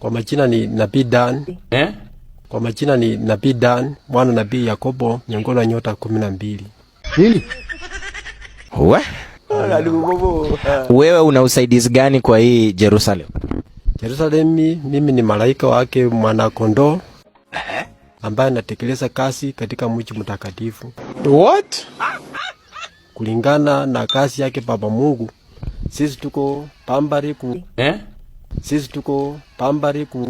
Kwa majina ni Nabii Dan eh? Kwa majina ni Nabii Dan mwana Nabii Yakobo Nyangolo, nyota kumi na mbili. Nini? We? Wewe una usaidizi gani kwa hii Jerusalem? Jerusalemi, mimi ni malaika wake mwana kondoo eh? ambaye anatekeleza kazi katika mji mtakatifu. What? Kulingana na kazi yake Baba Mungu, sisi tuko pambari ku... eh? Sisi tuko pambari ku,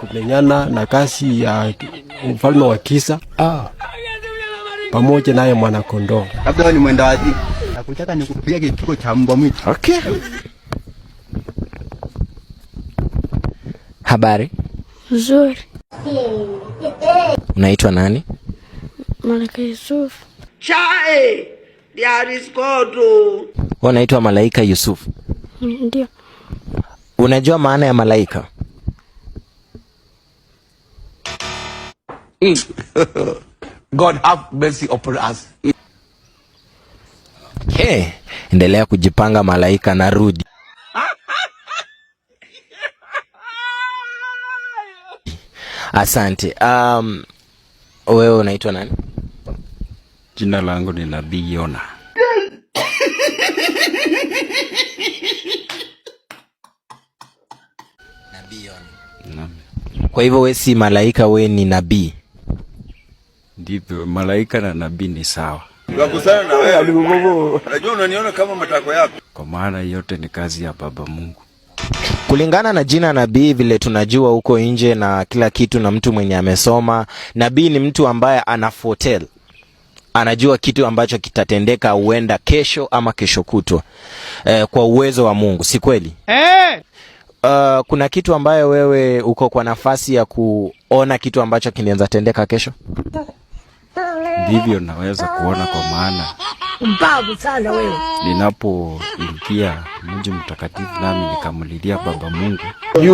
kumenyana na kasi ya mfalme wa kisa ah, pamoja naye mwana kondoo. Labda ni mwenda wazi, nakutaka nikupiga kituko cha mbwa mwitu. Okay. Habari nzuri. Unaitwa nani? Malaika Yusufu. Chai, diariskotu. Unaitwa Malaika Yusuf. Ndio. Unajua maana ya malaika? God have mercy upon us. Hey, eh, Endelea kujipanga malaika, rudi. Asante. Um, wewe unaitwa nani? Jina langu ni Nabii Yona. Kwa hivyo we si malaika, we ni nabii. Ndivyo, malaika na nabii ni sawa. Tunakutana na wewe, yaani najua unaniona kama matako yako, kwa maana yote ni kazi ya Baba Mungu. Kulingana na jina nabii, vile tunajua huko nje na kila kitu, na mtu mwenye amesoma, nabii ni mtu ambaye ana anajua kitu ambacho kitatendeka, huenda kesho ama kesho kutwa, eh, kwa uwezo wa Mungu, si kweli eh? uh, kuna kitu ambayo wewe uko kwa nafasi ya kuona kitu ambacho kinaweza tendeka kesho? Ndivyo naweza kuona, kwa maana mbavu sana wewe. Ninapoingia mji mtakatifu, nami nikamlilia Baba Mungu.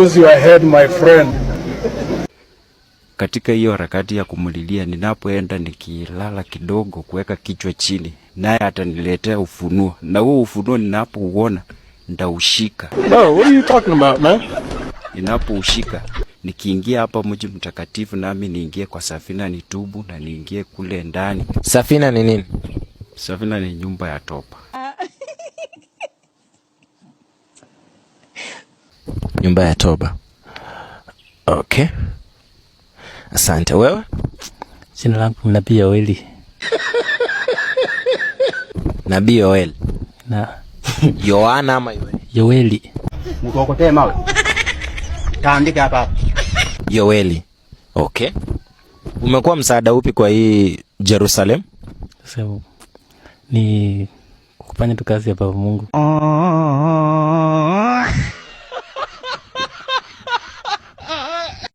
Use your head my friend. Katika hiyo harakati ya kumlilia, ninapoenda nikilala kidogo, kuweka kichwa chini, naye ataniletea ufunuo, na huo ufunuo ninapouona ndaushika. Oh, what are you talking about, man? Ninapoushika nikiingia hapa mji mtakatifu, nami niingie kwa safina, nitubu na niingie kule ndani. Safina ni nini? Safina ni nyumba ya toba. Ah. Nyumba ya toba. Okay. Asante. Wewe jina langu ni Nabii Oeli. Nabii Oeli. Na Yohana ama Yoeli? Yoeli. Mkokotee mawe. Taandika hapa. Yoeli. Okay. Umekuwa msaada upi kwa hii Jerusalem? Sasa ni kufanya tu kazi ya Baba Mungu. Oh.